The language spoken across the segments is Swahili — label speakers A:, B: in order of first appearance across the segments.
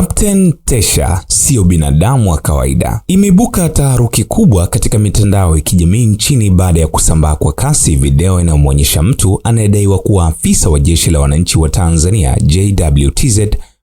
A: Captain Tesha siyo binadamu wa kawaida. Imeibuka taharuki kubwa katika mitandao ya kijamii nchini baada ya kusambaa kwa kasi video inayomwonyesha mtu anayedaiwa kuwa afisa wa Jeshi la Wananchi wa Tanzania JWTZ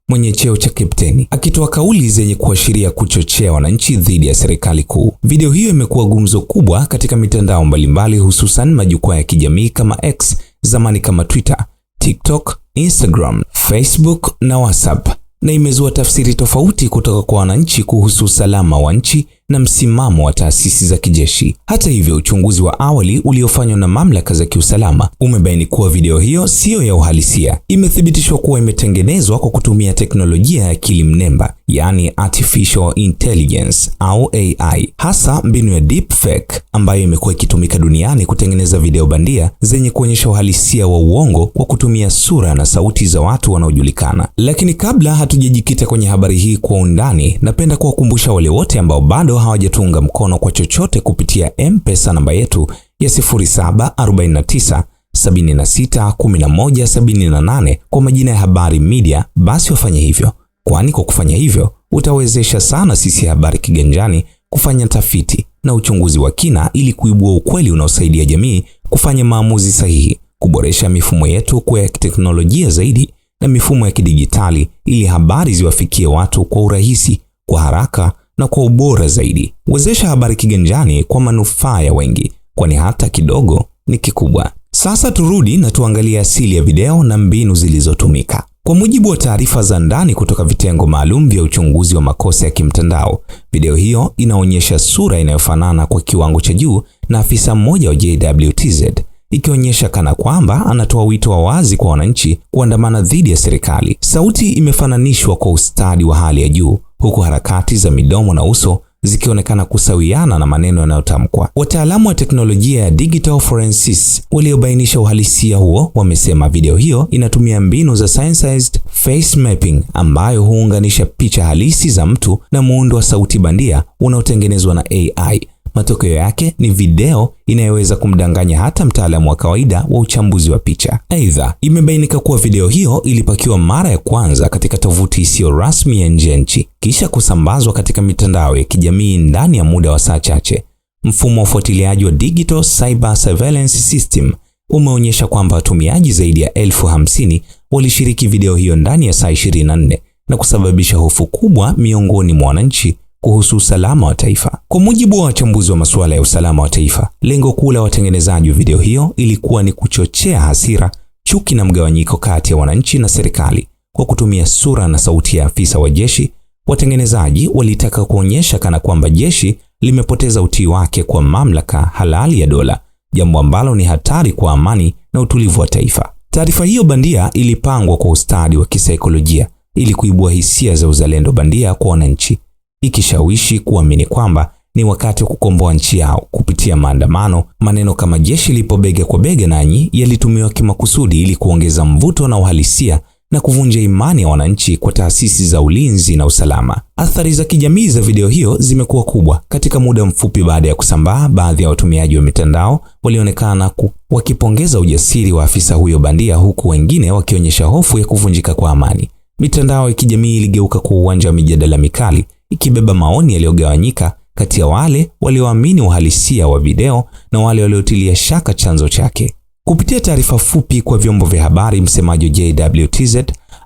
A: mwenye cheo cha kapteni akitoa kauli zenye kuashiria kuchochea wananchi dhidi ya serikali kuu. Video hiyo imekuwa gumzo kubwa katika mitandao mbalimbali, hususan majukwaa ya kijamii kama X, zamani kama Twitter, TikTok, Instagram, Facebook na WhatsApp na imezua tafsiri tofauti kutoka kwa wananchi kuhusu usalama wa nchi na msimamo wa taasisi za kijeshi. Hata hivyo, uchunguzi wa awali uliofanywa na mamlaka za kiusalama umebaini kuwa video hiyo siyo ya uhalisia. Imethibitishwa kuwa imetengenezwa kwa kutumia teknolojia ya akili mnemba, yaani artificial intelligence au AI, hasa mbinu ya deepfake ambayo imekuwa ikitumika duniani kutengeneza video bandia zenye kuonyesha uhalisia wa uongo kwa kutumia sura na sauti za watu wanaojulikana. Lakini kabla hatujajikita kwenye habari hii kwa undani, napenda kuwakumbusha wale wote ambao bado hawajatunga mkono kwa chochote kupitia M-Pesa namba yetu ya 0749 kwa majina ya Habari Media, basi wafanye hivyo, kwani kwa kufanya hivyo utawezesha sana sisi Habari Kiganjani kufanya tafiti na uchunguzi wa kina ili kuibua ukweli unaosaidia jamii kufanya maamuzi sahihi, kuboresha mifumo yetu kuwa ya teknolojia zaidi na mifumo ya kidijitali ili habari ziwafikie watu kwa urahisi, kwa haraka na kwa ubora zaidi. Wezesha habari kiganjani kwa manufaa ya wengi, kwani hata kidogo ni kikubwa. Sasa turudi na tuangalie asili ya video na mbinu zilizotumika. Kwa mujibu wa taarifa za ndani kutoka vitengo maalum vya uchunguzi wa makosa ya kimtandao, video hiyo inaonyesha sura inayofanana kwa kiwango cha juu na afisa mmoja wa JWTZ, ikionyesha kana kwamba anatoa wito wa wazi kwa wananchi kuandamana dhidi ya serikali. Sauti imefananishwa kwa ustadi wa hali ya juu, huku harakati za midomo na uso zikionekana kusawiana na maneno yanayotamkwa. Wataalamu wa teknolojia ya digital forensics waliobainisha uhalisia huo wamesema video hiyo inatumia mbinu za synthesized face mapping ambayo huunganisha picha halisi za mtu na muundo wa sauti bandia unaotengenezwa na AI Matokeo yake ni video inayoweza kumdanganya hata mtaalamu wa kawaida wa uchambuzi wa picha. Aidha, imebainika kuwa video hiyo ilipakiwa mara ya kwanza katika tovuti isiyo rasmi ya nje ya nchi, kisha kusambazwa katika mitandao ya kijamii ndani ya muda wa saa chache. Mfumo wa ufuatiliaji wa Digital Cyber Surveillance System umeonyesha kwamba watumiaji zaidi ya elfu hamsini walishiriki video hiyo ndani ya saa 24 na kusababisha hofu kubwa miongoni mwa wananchi kuhusu usalama wa taifa. Kwa mujibu wa wachambuzi wa masuala ya usalama wa taifa, lengo kuu la watengenezaji wa video hiyo ilikuwa ni kuchochea hasira, chuki na mgawanyiko kati ya wananchi na serikali. Kwa kutumia sura na sauti ya afisa wa jeshi, watengenezaji walitaka kuonyesha kana kwamba jeshi limepoteza utii wake kwa mamlaka halali ya dola, jambo ambalo ni hatari kwa amani na utulivu wa taifa. Taarifa hiyo bandia ilipangwa kwa ustadi wa kisaikolojia ili kuibua hisia za uzalendo bandia kwa wananchi ikishawishi kuamini kwamba ni wakati wa kukomboa nchi yao kupitia maandamano. Maneno kama jeshi lipo bega kwa bega nanyi yalitumiwa kimakusudi ili kuongeza mvuto na uhalisia na kuvunja imani ya wananchi kwa taasisi za ulinzi na usalama. Athari za kijamii za video hiyo zimekuwa kubwa. Katika muda mfupi baada ya kusambaa, baadhi ya watumiaji wa mitandao walionekana wakipongeza ujasiri wa afisa huyo bandia, huku wengine wakionyesha hofu ya kuvunjika kwa amani. Mitandao ya kijamii iligeuka kuwa uwanja wa mijadala mikali ikibeba maoni yaliyogawanyika kati ya wale walioamini uhalisia wa video na wale waliotilia shaka chanzo chake. Kupitia taarifa fupi kwa vyombo vya habari, msemaji wa JWTZ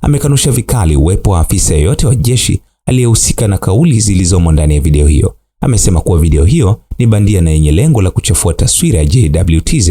A: amekanusha vikali uwepo wa afisa yeyote wa jeshi aliyehusika na kauli zilizomo ndani ya video hiyo. Amesema kuwa video hiyo ni bandia na yenye lengo la kuchafua taswira ya JWTZ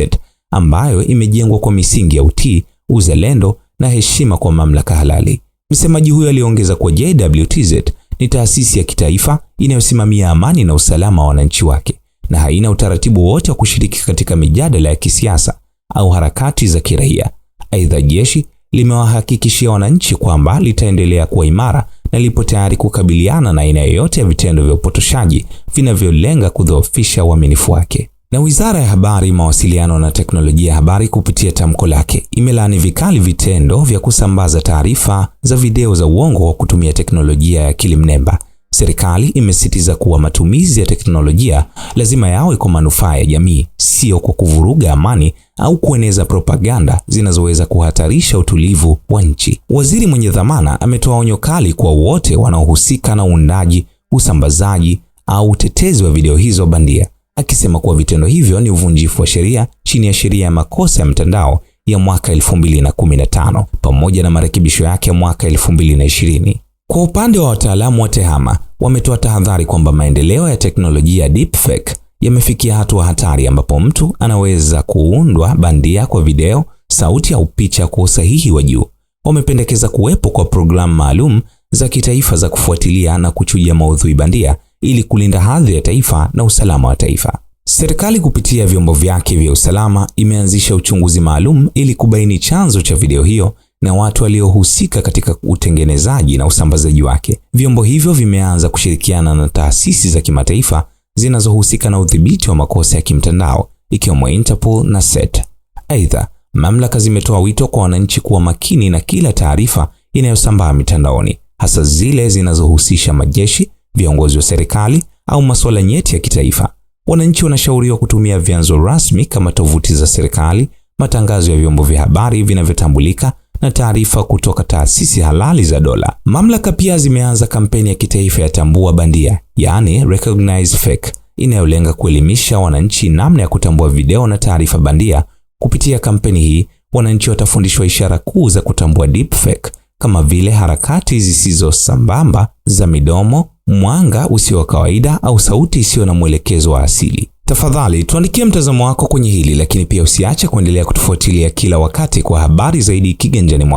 A: ambayo imejengwa kwa misingi ya utii, uzalendo na heshima kwa mamlaka halali. Msemaji huyo aliongeza kuwa JWTZ ni taasisi ya kitaifa inayosimamia amani na usalama wa wananchi wake na haina utaratibu wote wa kushiriki katika mijadala ya kisiasa au harakati za kiraia. Aidha, jeshi limewahakikishia wananchi kwamba litaendelea kuwa imara na lipo tayari kukabiliana na aina yoyote ya vitendo vya upotoshaji vinavyolenga kudhoofisha uaminifu wake. Na Wizara ya Habari, Mawasiliano na Teknolojia ya Habari kupitia tamko lake imelaani vikali vitendo vya kusambaza taarifa za video za uongo kwa kutumia teknolojia ya akili mnemba. Serikali imesisitiza kuwa matumizi ya teknolojia lazima yawe kwa manufaa ya jamii, sio kwa kuvuruga amani au kueneza propaganda zinazoweza kuhatarisha utulivu wa nchi. Waziri mwenye dhamana ametoa onyo kali kwa wote wanaohusika na uundaji, usambazaji au utetezi wa video hizo bandia akisema kuwa vitendo hivyo ni uvunjifu wa sheria chini ya sheria ya makosa ya mtandao ya mwaka 2015 pamoja na marekebisho yake ya mwaka 2020. Kwa upande wa wataalamu wa TEHAMA wametoa tahadhari kwamba maendeleo ya teknolojia ya deepfake yamefikia hatua hatari ambapo mtu anaweza kuundwa bandia kwa video, sauti au picha kwa usahihi wa juu. Wamependekeza kuwepo kwa programu maalum za kitaifa za kufuatilia na kuchuja maudhui bandia ili kulinda hadhi ya taifa na usalama wa taifa. Serikali kupitia vyombo vyake vya usalama imeanzisha uchunguzi maalum ili kubaini chanzo cha video hiyo na watu waliohusika katika utengenezaji na usambazaji wake. Vyombo hivyo vimeanza kushirikiana na taasisi za kimataifa zinazohusika na udhibiti wa makosa ya kimtandao ikiwemo Interpol na SET. Aidha, mamlaka zimetoa wito kwa wananchi kuwa makini na kila taarifa inayosambaa mitandaoni, hasa zile zinazohusisha majeshi viongozi wa serikali au masuala nyeti ya kitaifa. Wananchi wanashauriwa kutumia vyanzo rasmi kama tovuti za serikali, matangazo ya vyombo vya habari vinavyotambulika na taarifa kutoka taasisi halali za dola. Mamlaka pia zimeanza kampeni ya kitaifa ya tambua bandia, yaani recognize fake, inayolenga kuelimisha wananchi namna ya kutambua video na taarifa bandia. Kupitia kampeni hii, wananchi watafundishwa ishara kuu za kutambua deepfake kama vile harakati zisizo sambamba za midomo, mwanga usio wa kawaida au sauti isiyo na mwelekezo wa asili. Tafadhali tuandikie mtazamo wako kwenye hili, lakini pia usiache kuendelea kutufuatilia kila wakati kwa habari zaidi kiganjani mwako.